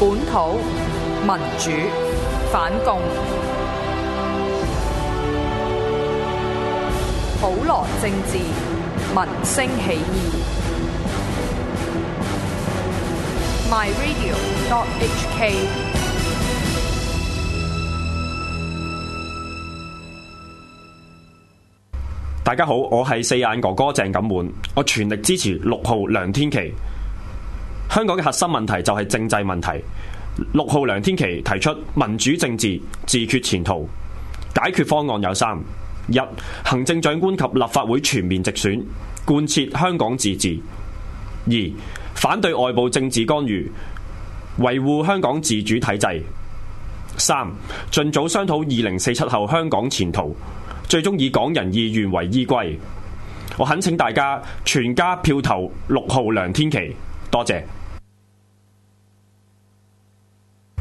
本土民主反共，普羅政治，民聲起義。My Radio. H K。 大家好，我係四眼哥哥鄭錦滿，我全力支持六號梁天琦。香港嘅核心問題就係政制問題。六號梁天琦提出民主政治自決前途解決方案有三：一、行政長官及立法會全面直選，貫徹香港自治；二、反對外部政治干預，維護香港自主體制；三、盡早商討二零四七後香港前途，最終以港人意願為依歸。我懇請大家全家票投六號梁天琦，多謝。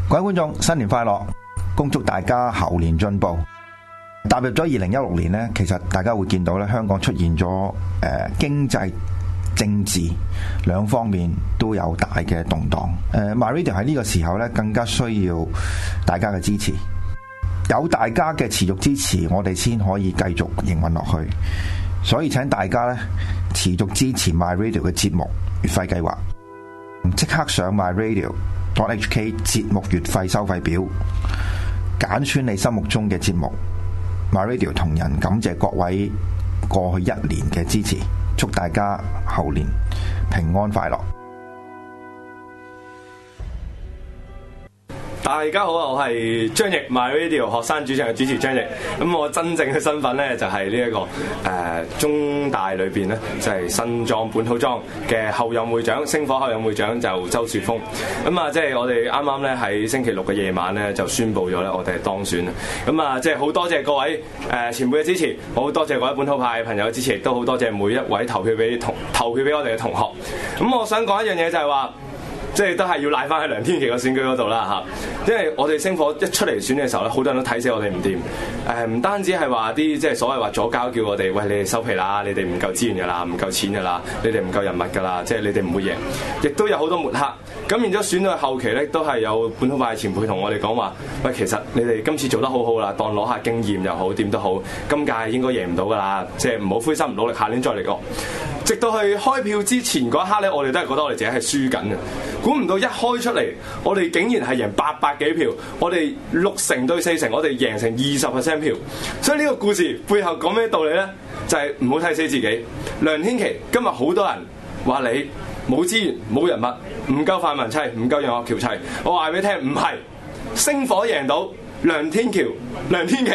各位觀眾，新年快樂，恭祝大家猴年進步。踏入咗二零一六年呢，其實大家會見到咧，香港出現咗誒、呃、經濟、政治兩方面都有大嘅動盪。誒、呃，MyRadio 喺呢個時候咧，更加需要大家嘅支持。有大家嘅持續支持，我哋先可以繼續營運落去。所以，請大家咧持續支持 MyRadio 嘅節目月費計劃，即刻上 MyRadio。dot hk 節目月費收費表，揀選你心目中嘅節目。MyRadio 同仁感謝各位過去一年嘅支持，祝大家猴年平安快樂。啊！大家好啊，我係張翼 My Radio 學生主場嘅主持張翼。咁、啊、我真正嘅身份咧就係呢一個誒、呃、中大裏邊咧，就係、是、新莊本土裝嘅候任會長，星火候任會長就周豎峰。咁啊，即係我哋啱啱咧喺星期六嘅夜晚咧就宣佈咗咧，我哋係當選。咁啊，即係好多謝各位誒、呃、前輩嘅支持，好多謝各位本土派朋友嘅支持，亦都好多謝每一位投票俾同投票俾我哋嘅同學。咁、啊、我想講一樣嘢就係話。即係都係要賴翻喺梁天琦嘅選舉嗰度啦嚇，因為我哋星火一出嚟選嘅時候咧，好多人都睇死我哋唔掂，誒、呃、唔單止係話啲即係所謂話左膠叫我哋，喂，你哋收皮啦，你哋唔夠資源㗎啦，唔夠錢㗎啦，你哋唔夠人物㗎啦，即係你哋唔會贏，亦都有好多抹黑。咁然之後選到後期咧，都係有本土派嘅前輩同我哋講話，喂，其實你哋今次做得好好啦，當攞下經驗又好，點都好，今屆應該贏唔到㗎啦，即係唔好灰心，唔努力下年再嚟哦。直到去開票之前嗰一刻咧，我哋都係覺得我哋自己係輸緊嘅。估唔到一開出嚟，我哋竟然係贏八百幾票，我哋六成對四成，我哋贏成二十 percent 票。所以呢個故事背後講咩道理呢？就係唔好睇死自己。梁天琦今日好多人話你冇資源、冇人物、唔夠泛民齊、唔夠楊岳橋齊，我話俾你聽，唔係星火贏到，梁天橋、梁天琦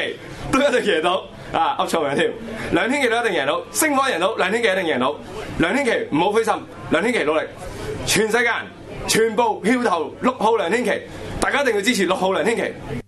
都一定贏到。啊！噏錯名添，梁天琦都一定贏到，星火贏到，梁天琦一定贏到，梁天琦。唔好灰心，梁天琦努力，全世界人全部翹頭六號梁天琦，大家一定要支持六號梁天琦。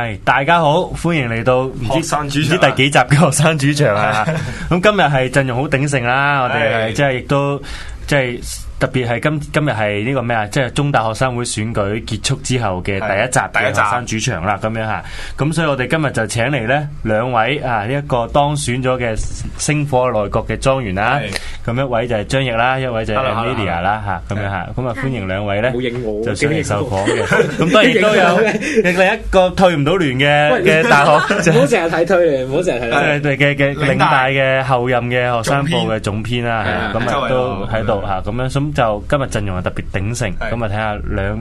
係大家好，歡迎嚟到，唔知主唔、啊、知第幾集嘅學生主場啊！咁 今日係陣容好鼎盛啦， 我哋係即係亦都即係。特別係今今日係呢個咩啊？即係中大學生會選舉結束之後嘅第一集嘅學生主場啦，咁樣吓。咁所以我哋今日就請嚟咧兩位啊，呢一個當選咗嘅星火內閣嘅莊員啦。咁一位就係張翼啦，一位就係 Emilia 啦，吓咁樣吓。咁啊，歡迎兩位咧。冇影我，就經營售房嘅。咁當然都有，另一個退唔到聯嘅嘅大學就唔好成日睇退聯，唔好成日。誒，嘅嘅嶺大嘅後任嘅學生報嘅總編啦，咁啊都喺度吓，咁樣咁。就今日陣容係特別鼎盛，咁啊睇下兩。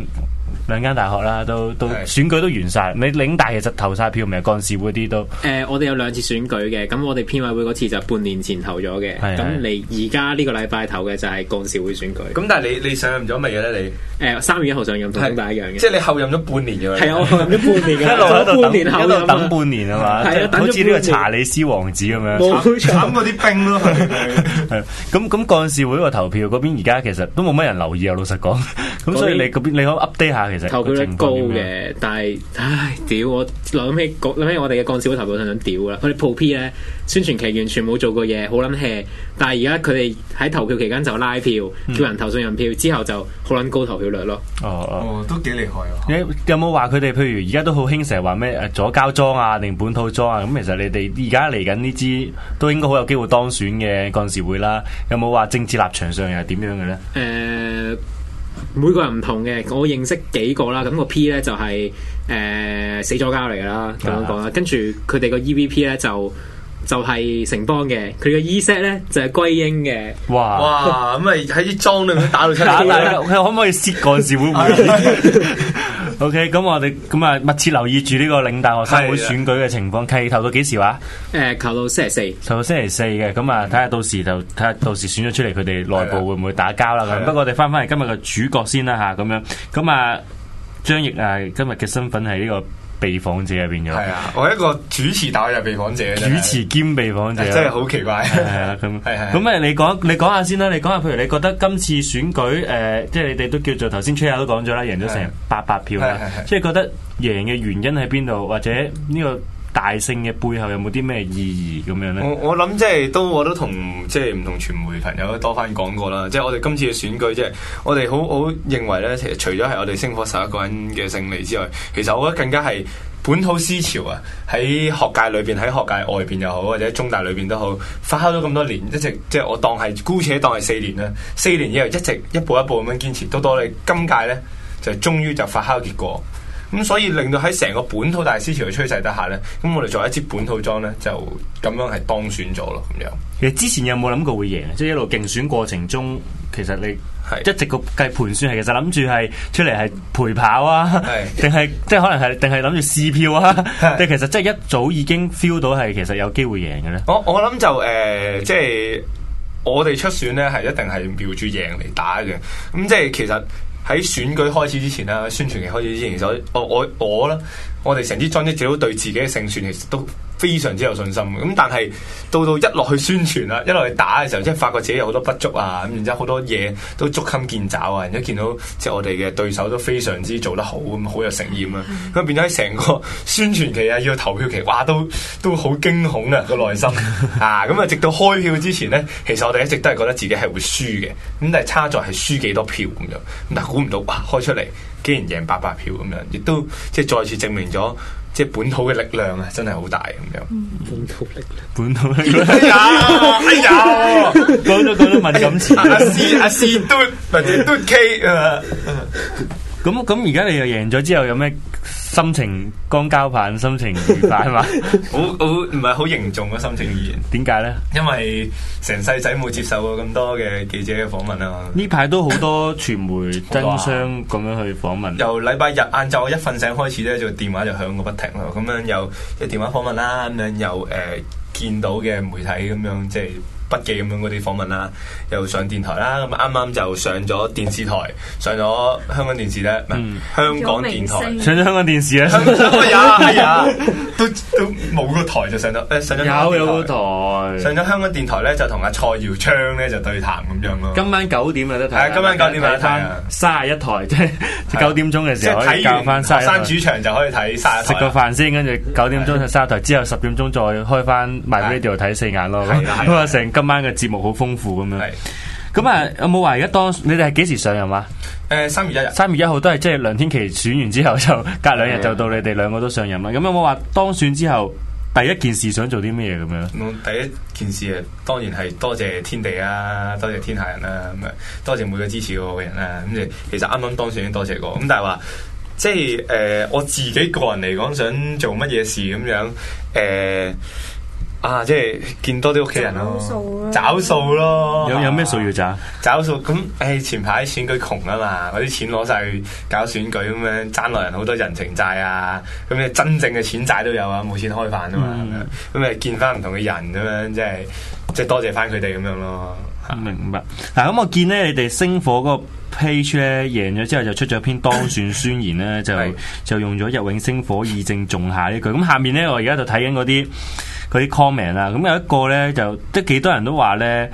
兩間大學啦，都都選舉都完晒。你領大其實投晒票，咪幹事會啲都。誒，我哋有兩次選舉嘅，咁我哋編委會嗰次就半年前投咗嘅，咁你而家呢個禮拜投嘅就係幹事會選舉。咁但係你你上任咗乜嘢咧？你誒三月一號上任同領大一樣嘅，即係你後任咗半年嘅。係啊，我後任咗半年嘅，一路喺度等半年啊嘛。係啊，等咗好似呢個查理斯王子咁樣，慘過啲兵咯。係咁，咁幹事會個投票嗰邊而家其實都冇乜人留意啊。老實講，咁所以你嗰邊你可以 update 下。投票率高嘅，但係唉屌！我諗起諗起我哋嘅幹事會投票，就想屌啦！佢哋鋪 P 咧，宣傳期完全冇做過嘢，好撚 hea，但係而家佢哋喺投票期間就拉票，嗯、叫人投信任票，之後就好撚高投票率咯。哦哦，都幾厲害喎！嗯、有冇話佢哋？譬如而家都好興成日話咩左膠莊啊，定本土莊啊？咁其實你哋而家嚟緊呢支都應該好有機會當選嘅幹事會啦。有冇話政治立場上又係點樣嘅咧？誒、呃。每個人唔同嘅，我認識幾個啦，咁個 P 咧就係、是、誒、呃、死咗膠嚟噶啦，咁樣講啦，Yeah. 跟住佢哋個 EVP 咧就就係城邦嘅，佢個 Eset 咧就係歸英嘅，哇哇，咁啊喺啲莊裏面打到出嚟， 我可唔可以涉幹事會唔會？ OK，咁我哋咁啊密切留意住呢個嶺大學生會選舉嘅情況，係投到幾時話，啊？誒，投到星期四。投到星期四嘅，咁啊，睇下到時就睇下到時選咗出嚟，佢哋內部會唔會打交啦？咁，不過我哋翻翻嚟今日嘅主角先啦吓，咁樣，啊，咁啊，張翼啊，今日嘅身份係呢個。被訪者入邊咗，係啊！我係一個主持打入被訪者，主持兼被訪者，真係好奇怪。係啊，咁，咁誒，你講，你講下先啦。你講下，譬如你覺得今次選舉誒、呃，即係你哋都叫做頭先 tree 下都講咗啦，贏咗成八百票即係、啊啊啊、覺得贏嘅原因喺邊度，或者呢、這個？大勝嘅背後有冇啲咩意義咁樣咧？我我諗，即係都我都同即係唔同傳媒朋友多翻講過啦。即係我哋今次嘅選舉，即係我哋好好認為咧，其實除咗係我哋星火十一個人嘅勝利之外，其實我覺得更加係本土思潮啊！喺學界裏邊，喺學，學界外邊又好，或者中大裏邊都好，發酵咗咁多年，一直即係我當係姑且當係四年啦。四年之後一直一步一步咁樣堅持，到到咧今屆咧就終於就發酵結果。咁所以令到喺成個本土大思潮嘅趨勢底下咧，咁我哋做一支本土裝咧，就咁樣係當選咗咯，咁樣。其實之前有冇諗過會贏？即係一路競選過程中，其實你係一直個計盤算係，其實諗住係出嚟係陪跑啊，定係即係可能係定係諗住試票啊？定是其實即係一早已經 feel 到係其實有機會贏嘅咧？我、呃就是、我諗就誒，即係我哋出選咧係一定係瞄住贏嚟打嘅。咁即係其實。喺選舉開始之前啦，宣傳期開始之前，其實我我我啦，我哋成支莊一直都對自己嘅勝算其實都非常之有信心嘅，咁但係到到一落去宣傳啦，一落去打嘅時候，即係發覺自己有好多不足啊，咁然之後好多嘢都捉襟見肘啊，然之後，後見到即係我哋嘅對手都非常之做得好，咁好有誠是是是誠意啊，咁變咗喺成個宣傳期啊，要投票期，哇，都都好驚恐啊、這個內心啊，咁啊，直到開票之前呢，其實我哋一直都係覺得自己係會輸嘅，咁但係差在係輸幾多票咁樣，但係估唔到哇，開出嚟竟然贏八百票咁樣，亦都即係再次證明咗。即係本土嘅力量啊，真係好大咁樣。本土力量， 本土力量， 哎呀，哎呀，講到講到文錦祠，阿詩阿詩都，或者都 K 啊。咁咁而家你又贏咗之後，有咩？心情光交棒，心情愉快嘛 好好唔係好凝重嘅、啊、心情而言，點解咧？因為成世仔冇接受過咁多嘅記者嘅訪問啊嘛！呢排都好多傳媒爭相咁 哇樣去訪問。由禮拜日晏晝我一瞓醒開始咧，就電話就響個不停咯。咁樣又，即、就、係、是、電話訪問啦、啊，咁樣又誒、呃、見到嘅媒體咁樣即係。筆記咁樣嗰啲訪問啦，又上電台啦，咁啱啱就上咗電視台，上咗香港電視咧，唔係香港電台，上咗香港電視咧，係啊，都都冇個台就上到，誒，上咗有有個台，上咗香港電台咧就同阿蔡耀昌咧就對談咁樣咯。今晚九點就得睇，今晚九點就得睇，三十一台即係九點鐘嘅時候可以睇完學生主場就可以睇，食個飯先，跟住九點鐘就三台，之後十點鐘再開翻埋 radio 睇四眼咯，咁啊成。今晚嘅節目好豐富咁樣，咁啊有冇話而家當？你哋係幾時上任啊？誒、呃，三月一日，三月一號都係即係梁天琦選完之後就隔兩日就到你哋兩個都上任啦、啊。咁的有冇話當選之後第一件事想做啲咩嘢咁樣？第一件事啊，當然係多謝天地啦、啊，多謝天下人啦、啊，咁啊多謝每個支持我嘅人啦、啊。咁就其實啱啱當選已經多謝過，咁、嗯、但係話即係誒、呃、我自己個人嚟講，想做乜嘢事咁樣誒。呃嗯啊！即係見多啲屋企人、啊找數啊、找數咯，找數咯，啊、有有咩數要找？找數咁誒！前排選舉窮啊嘛，嗰啲錢攞晒去搞選舉咁樣，爭落人好多人情債啊！咁你真正嘅錢債都有啊，冇錢開飯啊嘛！咁你見翻唔同嘅人咁樣，即係即係多謝翻佢哋咁樣咯。明白。嗱、啊、咁我見呢，你哋星火嗰個 page 咧贏咗之後，就出咗一篇當選宣言咧， 就的就用咗日永星火議政仲下呢句。咁下面咧，我而家就睇緊嗰啲。佢啲 comment 啦、嗯，咁有一個咧，就即係幾多人都話咧，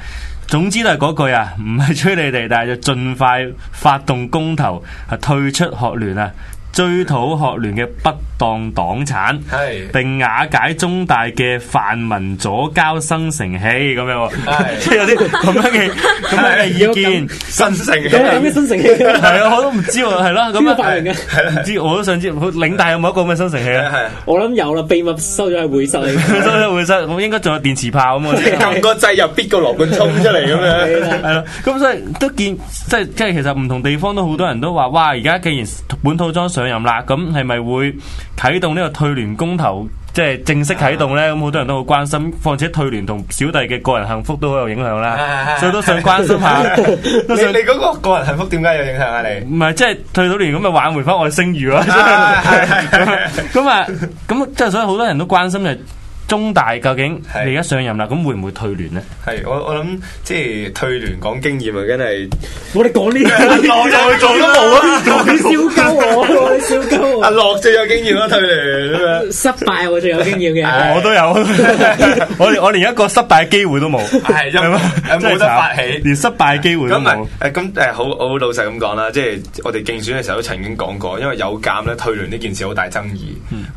總之都係嗰句啊，唔係催你哋，但係就盡快發動公投，係退出學聯啊！追討學聯嘅不當黨產，並瓦解中大嘅泛民左膠生成器咁樣，即係有啲咁樣嘅咁樣嘅意見生成器，係咩生成器？係啊，我都唔知喎，係咯，咁啊，唔知我都想知，領大有冇一個咩生成器啊？我諗有啦，秘密收咗去會室，收咗喺會室，我應該仲有電磁炮。咁啊，撳個掣又逼個羅冠聰衝出嚟咁樣，係咯，咁所以都見即係即係，其實唔同地方都好多人都話，哇！而家既然本土裝上。任啦，咁係咪會啟動呢個退聯公投，即係正式啟動呢，咁、嗯、好多人都好關心，況且退聯同小弟嘅個人幸福都好有影響啦，啊、所以都想關心下。 所以你所以你嗰個個人幸福點解有影響啊？你唔係即係退咗聯，咁咪挽回翻我嘅聲譽咯。咁啊，咁即係所以好多人都關心嘅、就是。中大究竟你而家上任啦，咁會唔會退聯呢？係我我諗即係退聯講經驗啊，梗係我哋講呢樣落去做都冇啦。燒鳩阿樂最有經驗啦，退聯失敗我最有經驗嘅，我都有，我我連一個失敗嘅機會都冇，係冇得發起，連失敗嘅機會都冇。咁誒，好，好老實咁講啦，即係我哋競選嘅時候都曾經講過，因為有監咧退聯呢件事好大爭議，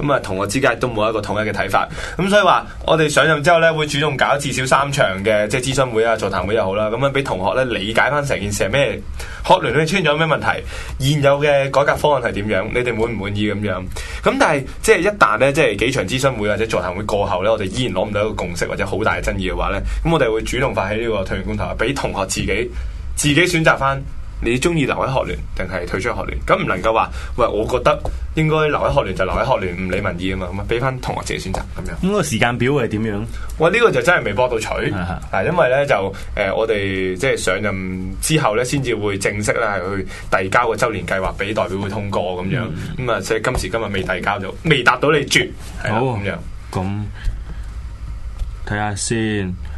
咁啊，同學之間都冇一個統一嘅睇法，咁所即係話，我哋上任之後咧，會主動搞至少三場嘅即係諮詢會啊、座談會又好啦，咁樣俾同學咧理解翻成件事係咩，學聯裏面出現咗咩問題，現有嘅改革方案係點樣，你哋滿唔滿意咁樣？咁但係即係一旦咧，即係幾場諮詢會或者座談會過後咧，我哋依然攞唔到一個共識或者好大嘅爭議嘅話咧，咁我哋會主動發起呢個退聯公投，俾同學自己自己選擇翻。你中意留喺學聯，定係退出學聯？咁唔能夠話，喂，我覺得應該留喺學聯就留喺學聯，唔理民意啊嘛。咁啊，俾翻同學自己選擇咁樣。咁個時間表會係點樣？我呢個就真係未駁到取，係嗱，因為咧就誒，我哋即係上任之後咧，先至會正式咧係去遞交個周年計劃俾代表會通過咁樣。咁啊，即係今時今日未遞交就未達到你決，好咁樣。咁睇下先，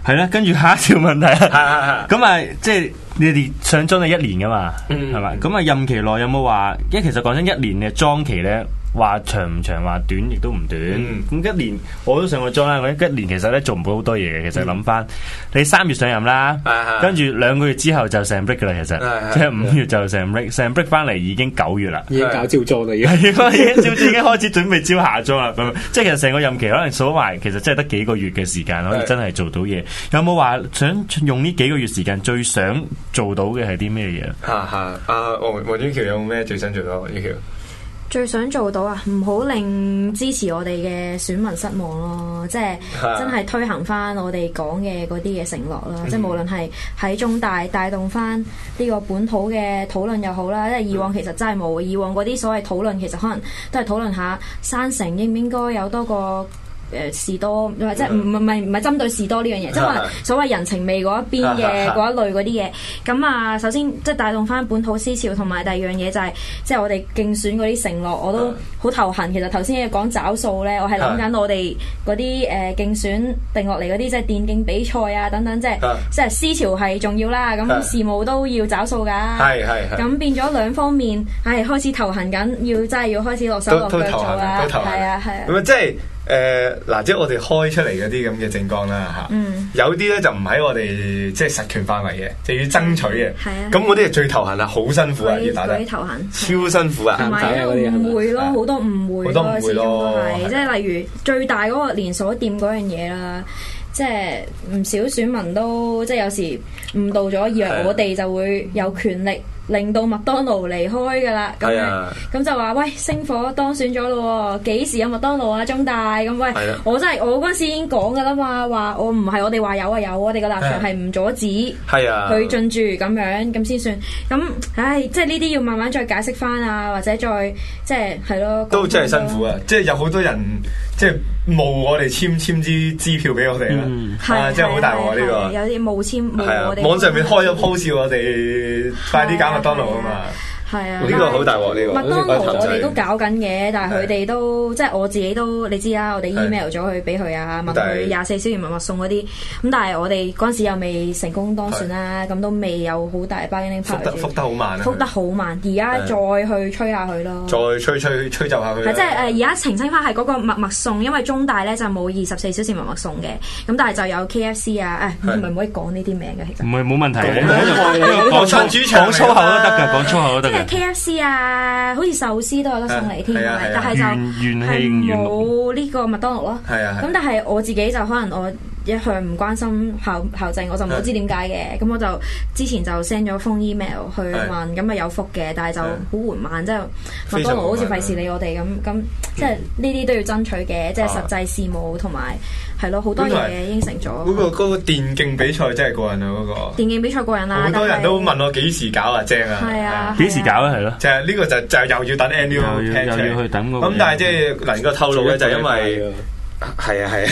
係啦。跟住下一條問題，咁啊，即係。你哋上莊係一年㗎嘛，係嘛、嗯嗯嗯？咁啊，任期內有冇話？因為其實講真，一年嘅莊期咧。話長唔長，話短亦都唔短。咁、嗯、一年我都上過莊啦。咁一年其實咧做唔到好多嘢。嘅。其實諗翻，你三月上任啦，跟住兩個月之後就成 break 噶啦。其實即係五月就成 break，成 break 翻嚟已經九月啦。已，是已經搞招莊啦，已經招已經開始準備招下莊啦。咁即係其實成個任期可能數埋，其實即係得幾個月嘅時間可以真係做到嘢。有冇話想用呢幾個月時間最想做到嘅係啲咩嘢？哈哈、啊。阿王王天橋有冇咩最想做到？王天橋。最想做到啊，唔好令支持我哋嘅選民失望咯，即係真係推行翻我哋講嘅嗰啲嘅承諾咯， 即係無論係喺中大帶動翻呢個本土嘅討論又好啦，因為以往其實真係冇，以往嗰啲所謂討論其實可能都係討論下山城應唔應該有多個。誒士多，或者唔唔唔唔係針對士多呢樣嘢，即係話所謂人情味嗰一邊嘅嗰一類嗰啲嘢。咁啊，首先即係帶動翻本土思潮，同埋第二樣嘢就係即係我哋競選嗰啲承諾，我都好頭痕。其實頭先講找數咧，我係諗緊我哋嗰啲誒競選定落嚟嗰啲，即係電競比賽啊等等，即係即係思潮係重要啦。咁事務都要找數㗎。係係。咁變咗兩方面係開始頭痕緊，要真係要開始落手落腳做啊！係啊係啊。即係。誒嗱、uh, 嗯，即係我哋開出嚟嗰啲咁嘅政綱啦，嚇，有啲咧就唔喺我哋即係實權範圍嘅，就要爭取嘅。係啊，咁嗰啲係最頭痕啦，好辛苦啊，要會打啲頭痕，超辛苦啊，唔係因為誤會咯，好多誤會咯，始終都係即係例如最大嗰個連鎖店嗰樣嘢啦，即係唔少選民都即係有時誤導咗，以為我哋就會有權力。令到麥當勞離開嘅啦，咁樣咁就話：喂，星火當選咗咯喎，幾時有麥當勞啊？中大咁、嗯、喂，哎、呀我真係我嗰陣時已經講嘅啦嘛，話我唔係我哋話有啊有，我哋嘅立場係唔阻止佢、哎、呀進駐咁樣咁先算。咁、嗯、唉、哎，即係呢啲要慢慢再解釋翻啊，或者再即係係咯。哎、都真係辛苦啊！即係有好多人。即係冇我哋簽簽支支票畀我哋啦，係，即係好大鑊呢個。有啲冇簽冇我哋網上面開咗鋪笑我哋，快啲揀麥當勞啊嘛！係啊，呢個好大鑊呢個。麥當勞我哋都搞緊嘅，但係佢哋都即係我自己都你知啦，我哋 email 咗佢俾佢啊，問佢廿四小時麥麥送嗰啲，咁但係我哋嗰陣時又未成功當選啦，咁都未有好大包驚拎派。復得好慢啊！復得好慢，而家再去吹下佢咯，再吹吹吹就下佢。即係而家澄清翻係嗰個麥麥送，因為中大咧就冇二十四小時麥麥送嘅，咁但係就有 K F C 啊，誒唔係唔可以講呢啲名嘅其實。唔係冇問題嘅，講粗粗口都得㗎，講粗口都得㗎。K F C 啊，好似壽司都有得送你添，但係就冇呢個麥當勞咯。咁但係我自己就可能我一向唔關心校校政，我就唔知點解嘅。咁我就之前就 send 咗封 email 去問，咁咪有覆嘅，但係就好緩慢，即係麥當勞好似費事理我哋咁。咁即係呢啲都要爭取嘅，即係實際事務同埋。係咯，好多嘢應承咗。嗰個嗰個電競比賽真係過人啊！嗰個電競比賽過人啦，好多人都問我幾時搞啊？正啊！幾時搞啊？係咯，就係呢個就就又要等 annual p l 要去等個。咁但係即係能夠透露嘅就因為係啊係啊，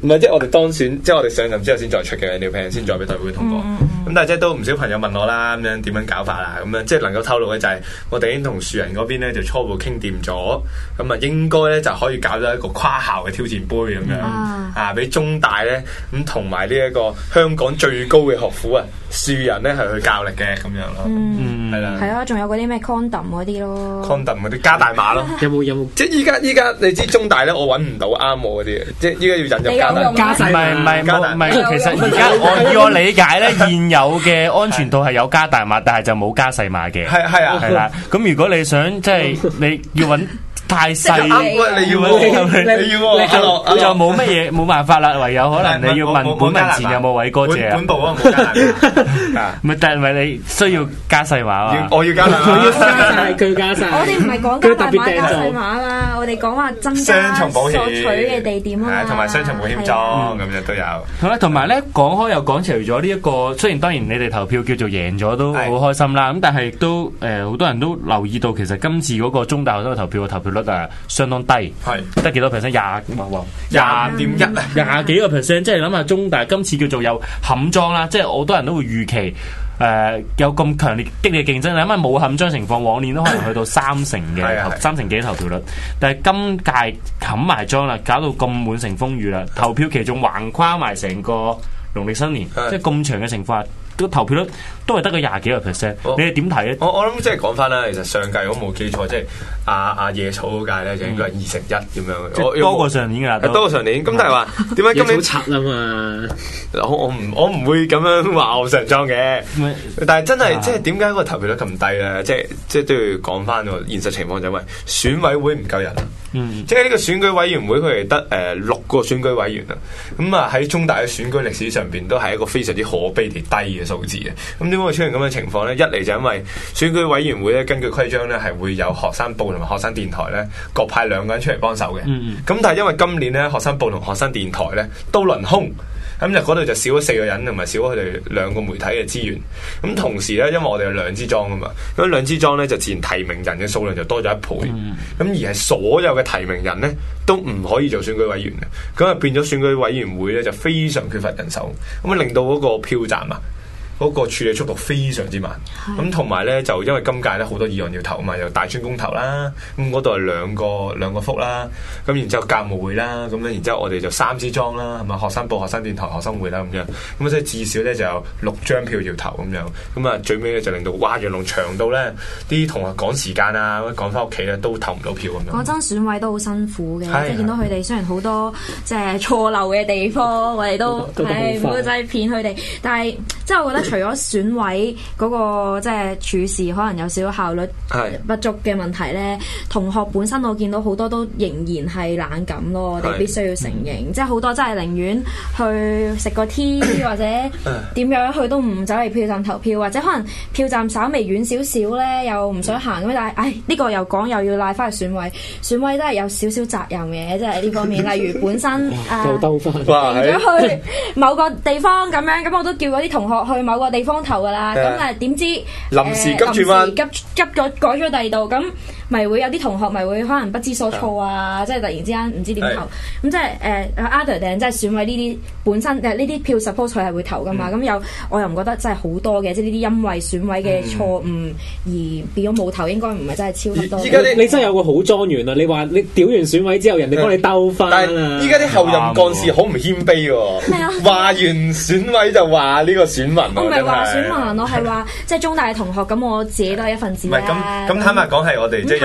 唔係即係我哋當選，即係我哋上任之後先再出嘅 annual plan，先再俾代表會通過。咁但係即係都唔少朋友問我啦，咁樣點樣搞法啊？咁樣即係能夠透露嘅就係，我哋已經同樹人嗰邊咧就初步傾掂咗，咁啊應該咧就可以搞到一個跨校嘅挑戰杯咁樣，啊俾、啊、中大咧咁同埋呢一個香港最高嘅學府啊！樹人咧係去教力嘅咁樣咯，嗯，係啦，係咯，仲有嗰啲咩 condom 嗰啲咯，condom 嗰啲加大碼咯，有冇有冇？即係依家依家你知中大咧，我揾唔到啱我嗰啲，即係依家要引入加大加細，唔係唔係唔係，其實而家我以我理解咧，現有嘅安全套係有加大碼，但係就冇加細碼嘅，係係啊，係啦，咁如果你想即係你要揾。太細，你要冇乜嘢，你就冇乜嘢，冇辦法啦，唯有可能你要問本民前有冇偉哥借啊？本部啊，唔係，但係你需要加細話啊！我要加，但係佢加細，我哋唔係講加細話啊嘛，我哋講話爭雙重保險取嘅地點啊，同埋雙重保險裝咁樣都有。好啦，同埋咧講開又講，除咗呢一個，雖然當然你哋投票叫做贏咗都好開心啦，咁但係亦都誒好多人都留意到，其實今次嗰個中大嗰個投票嘅投票相當低，係是得幾多 percent？廿點喎，廿點一，廿幾個 percent。 即係諗下中大今次叫做有冚莊啦，即係好多人都會預期誒、呃、有咁強烈激烈競爭啦。因為冇冚莊情況，往年都可能去到三成嘅 三成幾投票率，是是但係今屆冚埋莊啦，搞到咁滿城風雨啦，投票期仲橫跨埋成個農曆新年，的即係咁長嘅情況下，都投票率。都係得個廿幾個 percent，你哋點睇咧？我我諗即係講翻啦，其實上屆我冇記錯，即係阿阿野草嗰屆咧，就應該係二成一咁樣，即多過上年噶，多過上年。咁但係話點解今年拆啦嘛？我我唔我唔會咁樣話我上莊嘅，但係真係即係點解個投票率咁低咧？即係即係都要講翻個現實情況就係話選委會唔夠人，即係呢個選舉委員會佢係得誒六個選舉委員啊。咁啊喺中大嘅選舉歷史上邊都係一個非常之可悲地低嘅數字嘅。咁因為出現咁嘅情況咧，一嚟就因為選舉委員會咧，根據規章咧係會有學生部同埋學生電台咧各派兩個人出嚟幫手嘅。咁、嗯嗯、但係因為今年咧學生部同學生電台咧都輪空，咁就嗰度就少咗四個人，同埋少咗佢哋兩個媒體嘅資源。咁同時咧，因為我哋有兩支莊啊嘛，咁兩支莊咧就自然提名人嘅數量就多咗一倍。咁、嗯嗯、而係所有嘅提名人咧都唔可以做選舉委員嘅，咁啊變咗選舉委員會咧就非常缺乏人手，咁啊令到嗰個票站啊。嗰個處理速度非常之慢，咁同埋咧就因為今屆咧好多議案要投啊嘛，又大專公投啦，咁嗰度係兩個兩個幅啦，咁然之後教務會啦，咁咧然之後我哋就三支莊啦，係咪？學生報、學生電台、學生會啦咁樣，咁所以至少咧就有六張票要投咁樣，咁啊最尾咧就令到哇，樣龍長到咧啲同學趕時間啊，趕翻屋企咧都投唔到票咁樣。講真選委都好辛苦嘅，的即係見到佢哋雖然好多即係錯漏嘅地方，的我哋都係唔會再騙佢哋，但係即係我覺得。除咗選委嗰個即係處事可能有少少效率不足嘅問題呢，同學本身我見到好多都仍然係冷感咯，我哋必須要承認，即係好多真係寧願去食個 T 或者點樣去都唔走嚟票站投票，或者可能票站稍微遠少少呢，又唔想行咁，但係唉呢個又講又要賴翻去選委，選委都係有少少責任嘅，即係呢方面，例如本身去某個地方咁樣，咁我都叫嗰啲同學去某。有個地方投噶啦，咁啊點知臨時急住問，急急咗改咗第二度咁。咪會有啲同學咪會可能不知所措啊！即係突然之間唔知點投咁，即係誒 other，即係選委呢啲本身，誒呢啲票 support 佢係會投噶嘛，咁有我又唔覺得真係好多嘅，即係呢啲因為選委嘅錯誤而變咗冇投，應該唔係真係超多。依家你真係有個好莊園啊！你話你屌完選委之後，人哋幫你兜翻啊！但係依家啲後任幹事好唔謙卑喎，話完選委就話呢個選民，我唔係話選民我係話即係中大嘅同學咁，我自己都係一份子啦。咁坦白講係我哋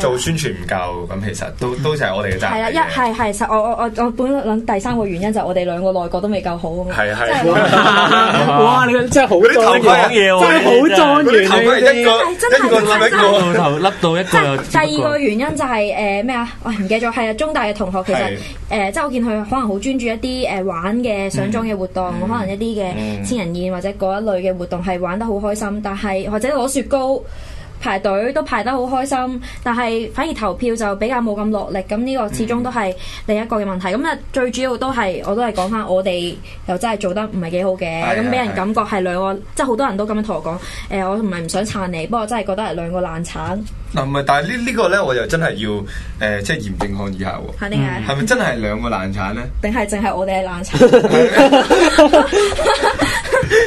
做宣傳唔夠，咁其實都都就係我哋嘅責任。係啊，一係係，實我我我我本諗第三個原因就係我哋兩個內閣都未夠好啊嘛。係啊係啊！哇，你真係好壯嘢，真係好壯元啊！佢頭髮一個一個甩頭甩到一個。第二個原因就係誒咩啊？我唔記得咗，係啊！中大嘅同學其實誒，即係我見佢可能好專注一啲誒玩嘅上妝嘅活動，可能一啲嘅千人宴或者嗰一類嘅活動係玩得好開心，但係或者攞雪糕。排隊都排得好開心，但係反而投票就比較冇咁落力，咁呢個始終都係另一個嘅問題。咁啊，最主要都係我都係講翻我哋又真係做得唔係幾好嘅，咁俾的人感覺係兩個，的即係好多人都咁樣同我講，誒、呃，我唔係唔想撐你，不過真係覺得係兩個爛橙。嗱唔係，但係呢呢個咧，我又真係要誒、呃，即係嚴正抗議下喎。肯定係、嗯。係咪真係兩個難產咧？定係淨係我哋係難產？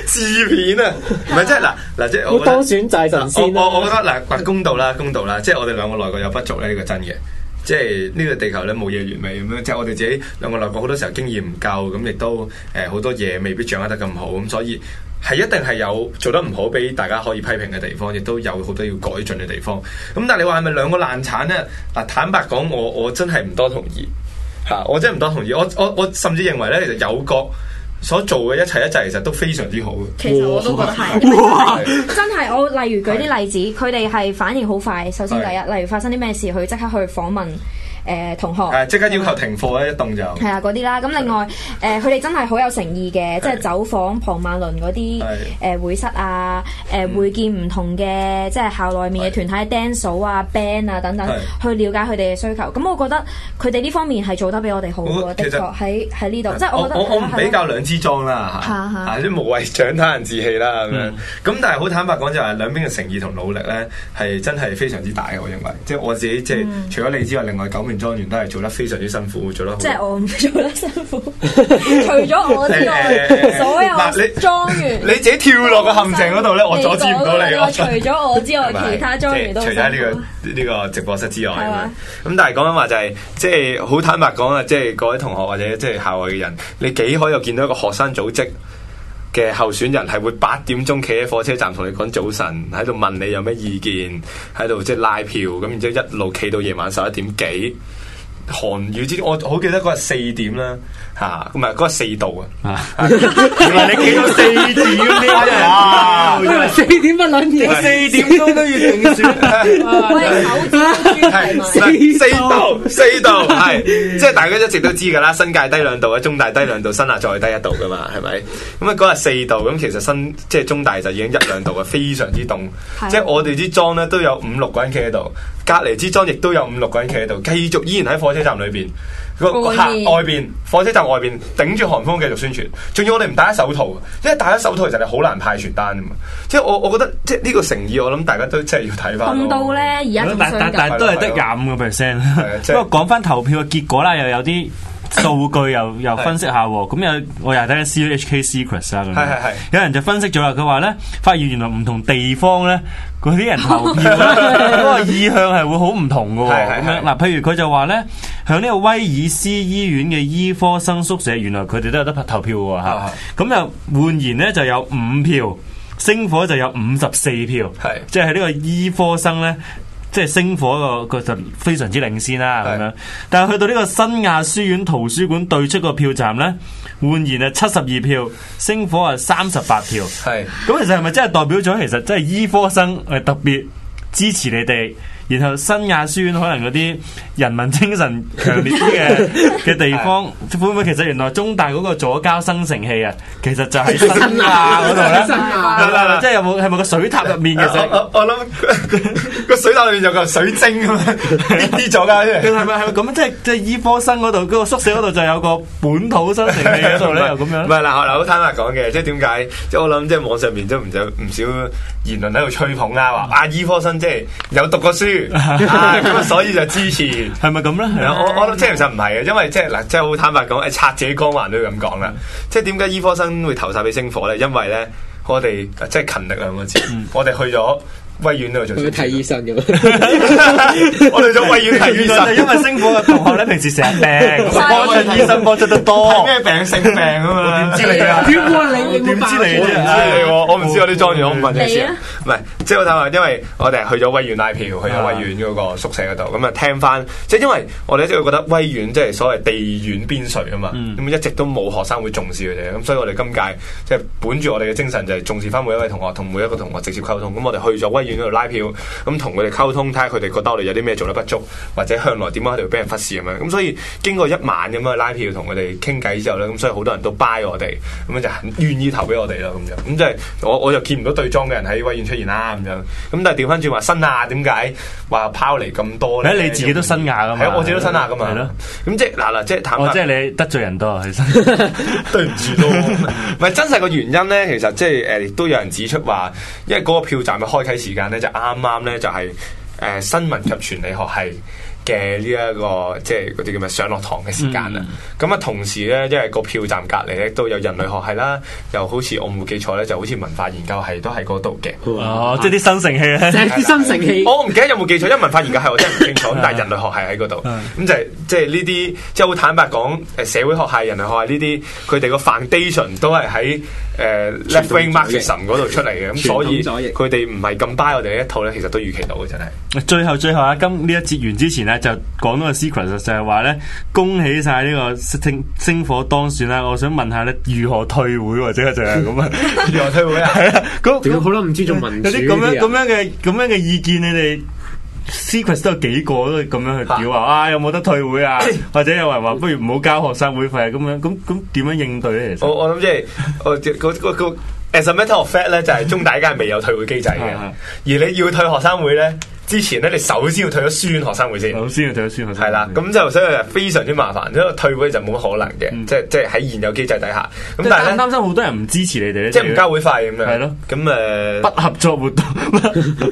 字 片啊！唔係 即係嗱嗱即係我當選就係神仙啦。我我，我覺得嗱，公道啦，公道啦，即係我哋兩個內閣有不足咧，呢、呢個真嘅。即係呢個地球咧，冇嘢完美咁樣，就我哋自己兩個內閣好多時候經驗唔夠，咁亦都誒，好、呃、多嘢未必掌握得咁好，咁所以。係一定係有做得唔好，俾大家可以批評嘅地方，亦都有好多要改進嘅地方。咁但係你話係咪兩個爛慘呢？嗱，坦白講，我我真係唔多同意，吓，我真係唔多同意。我真多同意我我，我甚至認為呢，其實有國所做嘅一切一切，其實都非常之好嘅。其實我都覺得係，真係。我例如舉啲例子，佢哋係反應好快。首先第一，是例如發生啲咩事，佢即刻去訪問。誒同學，即刻要求停課一動就係啊嗰啲啦。咁另外誒，佢哋真係好有誠意嘅，即係走訪龐萬倫嗰啲誒會室啊，誒會見唔同嘅即係校內面嘅團體，dance 啊、band 啊等等，去了解佢哋嘅需求。咁我覺得佢哋呢方面係做得比我哋好嘅，的確喺喺呢度。即係我覺得我唔比較兩支莊啦，嚇嚇，啲無謂長他人志氣啦，咁但係好坦白講，就係兩邊嘅誠意同努力咧，係真係非常之大嘅。我認為，即係我自己，即係除咗你之外，另外九，莊員都係做得非常之辛苦，做得好。即係我唔做得辛苦， 除咗我之外， 所有嗱你，你莊員你自己跳落個陷阱嗰度咧，我阻止唔到你咯。除咗我之外， 係咪其他莊員都除咗呢個呢個直播室之外，咁 嗎但係講緊話就係，即係好坦白講啊，即係各位同學或者即係校外嘅人，你幾可又見到一個學生組織？嘅候選人係會八點鐘企喺火車站同你講早晨，喺度問你有咩意見，喺度即係拉票咁，然之後一路企到夜晚十一點幾，寒雨之我好記得嗰日四點啦，吓？唔係嗰日四度啊，度啊 原來你企到四點 四點乜冷嘢？四點鐘都要停住。四度，四度，係即係大家一直都知噶啦。新界低兩度，啊中大低兩度，新亞再低一度噶嘛，係咪？咁啊嗰日四度，咁其實新即係中大就已經一兩度啊，非常之凍。即係 我哋啲莊咧都有五六個人企喺度，隔籬啲莊亦都有五六個人企喺度，繼續依然喺火車站裏邊。個客外邊，火車站外邊，頂住寒風繼續宣傳。仲要我哋唔戴一手套，因為戴一手套其實你好難派傳單噶嘛。即係我，我覺得即係呢個誠意，我諗大家都真係要睇翻。到咧，而家但但但係都係得廿五個 percent。不過講翻投票嘅結果啦，又有啲。數據又又分析下喎，咁又是我又睇下 C H K secrets 啊咁樣，係係係，有人就分析咗啦，佢話咧，發現原來唔同地方咧，嗰啲人投票嗰 個意向係會好唔同嘅喎。嗱，譬如佢就話咧，響呢個威爾斯醫院嘅醫科生宿舍，原來佢哋都有得投投票喎嚇。咁又換言咧，就有五票，星火就有五十四票，係即係呢個醫科生咧。即係星火個個就非常之領先啦咁樣，是但係去到呢個新亞書院圖書館對出個票站呢，換言係七十二票，星火係三十八票，係咁是其實係咪真係代表咗其實真係醫科生係特別支持你哋？然後新亞書院可能嗰啲人民精神強烈啲嘅嘅地方，會唔會其實原來中大嗰個左膠生成器啊，其實就喺新亞嗰度咧，即係有冇係咪個水塔入面嘅啫？我諗個水塔入面有個水晶咁樣，呢啲左膠，係咪係咪咁？即係即係醫科生嗰度，嗰個宿舍嗰度就有個本土生成器嗰度咧，又咁樣。唔係嗱，我好坦白講嘅，即係點解？即係我諗，即係網上面都唔少唔少言論喺度吹捧啊，話啊醫科生即係、就是、有讀過書。咁、 哎、所以就支持係咪咁咧？我我諗即係其實唔係嘅，因為即係嗱，即係好坦白講、哎，拆者光環都要咁講啦。即係點解醫科生會投晒俾星火咧？因為咧，我哋即係勤力兩個字， 我哋去咗。威院嗰度做，睇醫生嘅。我哋嚟咗威院睇醫生，因為星火嘅同學咧，平時成日病，幫人睇醫生幫得得多。咩病性病啊嘛？我點知你啊？點你？點知你？我唔知你我，我唔知我啲莊員，我唔問啲事。唔係，即係我坦下，因為我哋去咗威院拉票，去咗威院嗰個宿舍嗰度，咁啊聽翻。即係因為我哋一直會覺得威院即係所謂地遠、邊陲啊嘛，咁一直都冇學生會重視佢哋，咁所以我哋今屆即係本住我哋嘅精神，就係重視翻每一位同學同每一個同學直接溝通。咁我哋去咗威院度拉票，咁同佢哋溝通，睇下佢哋覺得我哋有啲咩做得不足，或者向來點樣喺度俾人忽視咁樣。咁所以經過一晚咁樣拉票同佢哋傾偈之後咧，咁所以好多人都 buy 我哋，咁樣就很願意投俾我哋咯咁樣。咁即係我我就見唔到對莊嘅人喺威院出現啦咁樣。咁但係調翻轉話新亞點解話拋離咁多咧？誒，你自己都新亞噶嘛？我自己都新亞噶嘛？咁即係嗱嗱，即係坦白，即係你得罪人多係新亞，對唔住咯。唔係真實嘅原因咧，其實即係誒都有人指出話，因為嗰個票站嘅開啓時間。咧就啱啱咧就係誒新聞及傳理學系。嘅呢一個即係嗰啲叫咩上落堂嘅時間啦，咁啊同時咧，因為個票站隔籬咧都有人類學系啦，又好似我冇記錯咧，就好似文化研究係都喺嗰度嘅，哦，即係啲新城氣咧，新城氣，我唔記得有冇記錯，因為文化研究係我真係唔清楚，但係人類學係喺嗰度，咁就係即係呢啲，即係好坦白講，社會學系、人類學系呢啲，佢哋個 foundation 都係喺誒 left-wing Marxism 嗰度出嚟嘅，咁所以佢哋唔係咁 buy 我哋一套咧，其實都預期到嘅，真係。最後最後啊，今呢一節完之前就講到個 secret 就係話咧，恭喜晒呢個星火當選啦！我想問下咧，如何退會或者就係咁樣啊？ 如何退會啊？咁 對點好啦？唔知做文有啲咁樣咁樣嘅咁樣嘅意見，你哋 secret 都有幾個都咁樣去表啊。的啊？有冇得退會啊？ 或者有人話不如唔好交學生會費咁、啊、樣？咁咁點樣應對咧？其實我我諗即係我嗰嗰嗰 as a matter of fact 咧，就係中大而家未有退會機制嘅， 而你要退學生會咧。 之前咧，你首先要退咗書院學生會先生會，首先要退咗書院學生係啦，咁就所以非常之麻煩，因為退會就冇乜可能嘅，嗯、即係即係喺現有機制底下。咁、嗯、但係你擔心好多人唔支持你哋咧，即係唔交會費咁樣。係咯了，咁誒，uh, 不合作活動，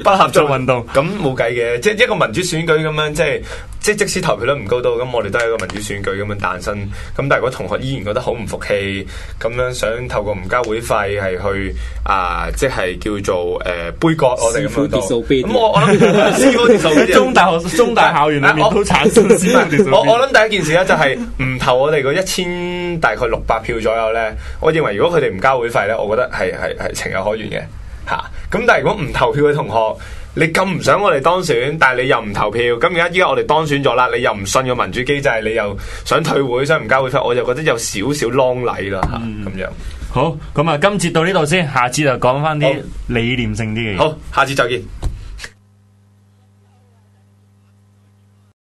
不合作運動，咁冇計嘅，即係一個民主選舉咁樣，即係。即即使投票率唔高到，咁我哋都係一個民主選舉咁樣誕生。咁但係如果同學依然覺得好唔服氣，咁樣想透過唔交會費係去啊、呃，即係叫做誒、呃、杯葛我哋咁樣。咁我我諗，師哥啲數喺中大學中大校園裏面好產我 我諗第一件事咧就係唔投我哋個一千大概六百票左右咧，我認為如果佢哋唔交會費咧，我覺得係係係情有可原嘅吓。咁、啊、但係如果唔投票嘅同學，你咁唔想我哋當選，但係你又唔投票，咁而家依家我哋當選咗啦，你又唔信個民主機制，你又想退會，想唔交會費，我就覺得有少少狼戾啦吓，咁、嗯、樣。好，咁啊，今次到呢度先，下次就講返啲理念性啲嘅嘢。好，下次再見。